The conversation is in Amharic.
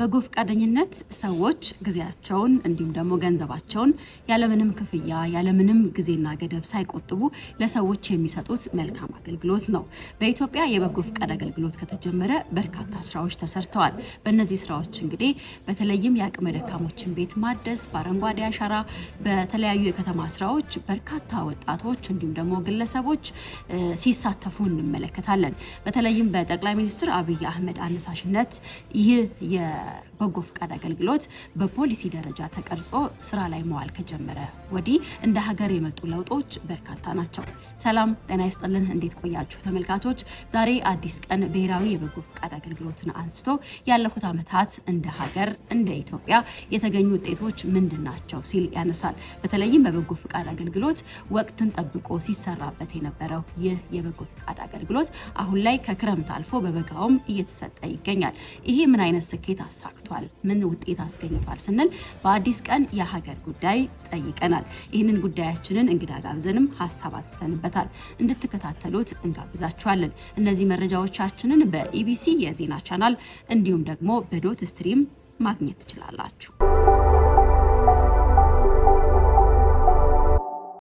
በጎ ፈቃደኝነት ሰዎች ጊዜያቸውን እንዲሁም ደግሞ ገንዘባቸውን ያለምንም ክፍያ ያለምንም ጊዜና ገደብ ሳይቆጥቡ ለሰዎች የሚሰጡት መልካም አገልግሎት ነው። በኢትዮጵያ የበጎ ፈቃድ አገልግሎት ከተጀመረ በርካታ ስራዎች ተሰርተዋል። በእነዚህ ስራዎች እንግዲህ በተለይም የአቅመ ደካሞችን ቤት ማደስ፣ በአረንጓዴ አሻራ፣ በተለያዩ የከተማ ስራዎች በርካታ ወጣቶች እንዲሁም ደግሞ ግለሰቦች ሲሳተፉ እንመለከታለን። በተለይም በጠቅላይ ሚኒስትር አብይ አህመድ አነሳሽነት ይህ በጎ ፍቃድ አገልግሎት በፖሊሲ ደረጃ ተቀርጾ ስራ ላይ መዋል ከጀመረ ወዲህ እንደ ሀገር የመጡ ለውጦች በርካታ ናቸው። ሰላም ጤና ይስጥልን። እንዴት ቆያችሁ ተመልካቾች? ዛሬ አዲስ ቀን ብሔራዊ የበጎ ፍቃድ አገልግሎትን አንስቶ ያለፉት ዓመታት እንደ ሀገር እንደ ኢትዮጵያ የተገኙ ውጤቶች ምንድን ናቸው ሲል ያነሳል። በተለይም በበጎ ፍቃድ አገልግሎት ወቅትን ጠብቆ ሲሰራበት የነበረው ይህ የበጎ ፍቃድ አገልግሎት አሁን ላይ ከክረምት አልፎ በበጋውም እየተሰጠ ይገኛል። ይሄ ምን አይነት ስኬት አሳክቷል? ምን ውጤት አስገኝቷል? ስንል በአዲስ ቀን የሀገር ጉዳይ ጠይቀናል። ይህንን ጉዳያችንን እንግዳ ጋብዘንም ሀሳብ አንስተንበታል። እንድትከታተሉት እንጋብዛችኋለን። እነዚህ መረጃዎቻችንን በኢቢሲ የዜና ቻናል እንዲሁም ደግሞ በዶት ስትሪም ማግኘት ትችላላችሁ።